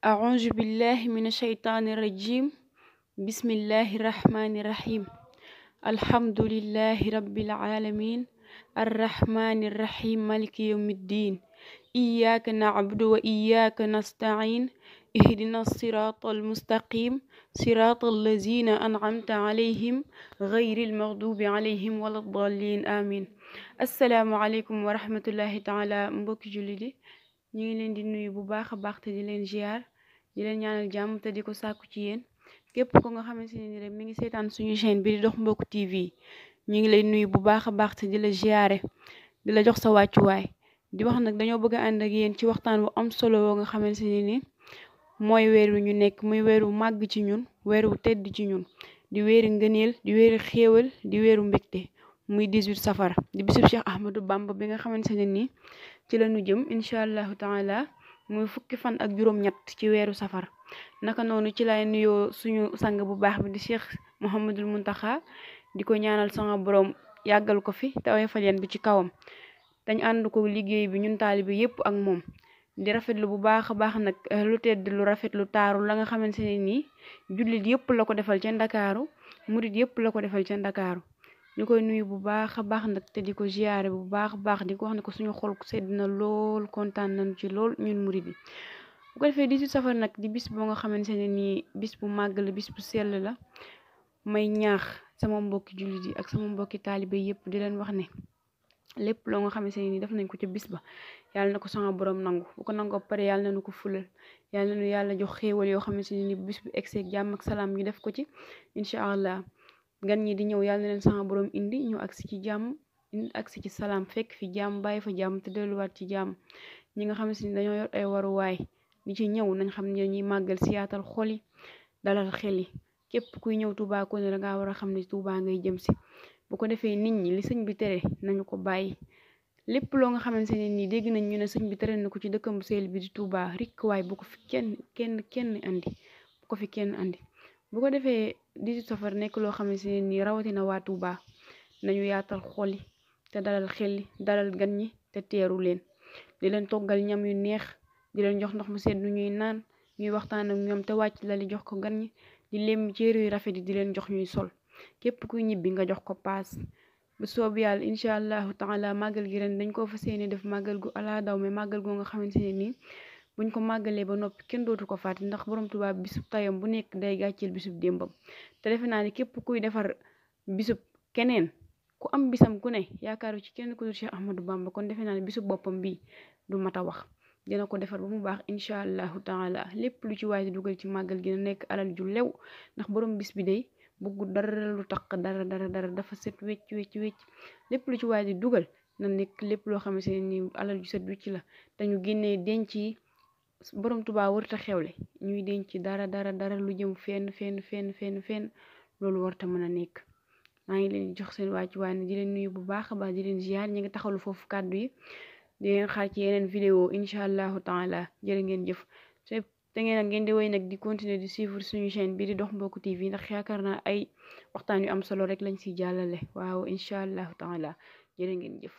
Aouzu billahi mina shaytaani rajim bismillahi rahmani rahim alhamdulillahi rabbil alamin arrahmani rahim maliki yawmiddin iyyaka na'budu wa iyyaka nasta'in ihdina siraatal mustaqim siraatal lazina an'amta alayhim ghayril maghdubi alayhim waladdallin amin assalaamu alaykum wa rahmatullahi taala mbokki julli di ñu ngi leen di nuyu bu baax a baax te di leen ziar di leen ñaanal jàmm te di ko sàkku ci yéen képp ko nga xamante ne ni rek mi ngi seetaan suñu chaine bi di dox mbokku TV ñu ngi lay nuyu bu baax a baax te di la ziare di la jox sa wàccuwaay di wax nag dañoo bëgg a ànd ak yéen ci waxtaan wu am solo nga xamante ne ni mooy weer wi ñu nekk muy weer wu màgg ci ñun weer wu tedd ci ñun di weeri ngëneel di weeri xéewal di weeru mbégte. muy 18 safar di bisub Cheikh Ahmadou Bamba bi nga xamante ne nii ci la ñu jëm incha allahu taala muy fukki fan ak juróom-ñett ci weeru safar naka noonu ci lay nuyoo suñu sang bu baax bi di Cheikh Mouhamadul Muntaxa di ko ñaanal sama borom yàggal ko fi te woyofal yan bi ci kawam dañ ànd ko liggéey bi ñun taalibe yépp ak moom. di rafetlu bu baax a baax nag eh, lu tedd lu rafet lu taaru la nga xamante ne nii jullit yépp la ko defal ci Ndakaaru murit yépp la ko defal ca Ndakaaru ñu koy nuyu bu baax a baax nag te di ko ziyaare bu baax baax di ko wax ne ko suñu xol sedd na lool kontaan nañ ci lool ñun muri yi bu ko defee si safar nag di bis boo nga xamante ne nii bis bu màgg la bis bu sell la may ñaax sama mbokki jullit yi ak sama mbokki taalibe yépp di leen wax ne lépp loo nga xamante ne nii def nañ ko ci bis ba yàlla na ko sama borom nangu bu ko nangoo pare yàlla na nu ko fulal yàlla na nu yàlla jox xéewal yoo xamante ne nii bis bu egg ak jàmm ak salaam ñu def ko ci incha allah. gan ñi di ñëw yàlla na leen sama borom indi ñu agsi ci jàmm agsi ci salaam fekk fi jàmm bàyyi fa jàmm te delluwaat ci jàmm ñi nga xam ni dañoo yor waruwaay ñi ci ñëw nañ xam ne ñuy màggal si yaatal xol yi dalal xel képp kuy ñëw Touba ko ne war a xam ne Touba ngay jëm si bu ko defee nit ñi li sëñ bi tere nañu ko bàyyi lépp loo nga xamante ne nii dégg nañ ñu ne sëñ bi tere na ko ci dëkkam bu seel bi di Touba rikk waay bu ko fi kenn kenn kenn andi bu ko fi kenn andi bu ko defee 18 safar nekk loo xam ne si nii rawatina waa Touba nañu yaatal xol yi te dalal xel yi dalal gan ñi te teeru leen di leen toggal ñam yu neex di leen jox ndox mu sedd ñuy naan ñuy waxtaan ak ñoom te wàcc lali jox ko gan ñi di lem céer yu rafet yi di leen jox ñuy sol képp kuy ñibbi nga jox ko paas bu soob yàlla incha allahu taala màggal gi reen dañ koo fas yéene def màggal gu ala daw mais màggal goo nga xamante ne nii buñ ko màggalee ba noppi kenn dootu ko fàtte ndax borom Tuubaa bisub tayam bu nekk day gàcceel bisub démbam te defe naa ne képp kuy defar bisub keneen ku am bisam ku ne yaakaaru ci kenn ku dul Cheikh Ahmadou Bamba kon defe naa ne bisub boppam bi du mat a wax dina ko defar ba mu baax incha allahu taala lépp lu ci waay di ci màggal gi nekk alal ju lew ndax borom bis bi day buggu dara lu tax dara dara dara dafa set wecc wecc wecc lépp lu ci waay di dugal na nekk lépp loo xamante ne nii alal ju set wecc la te ñu denc yi borom Tuubaa warta xewle ñuy denc dara dara dara lu jëm fenn fenn fenn fenn fenn loolu warta mën a nekk maa ngi leen jox seen wàcc waaye ne di leen nuyu bu baax a baax di leen ziar ngi taxalu foofu kaddu yi di leen xaar ci yeneen vidéo incha allahu taala jërë ngeen jëf te ngeen nag ngeen di woy nag di continuer di suivre suñu chaîne bi di Dox Mboku TV ndax yaakaar na ay waxtaan yu am solo rek lañ si jàllale waaw incha allahu taala jërë ngeen jëf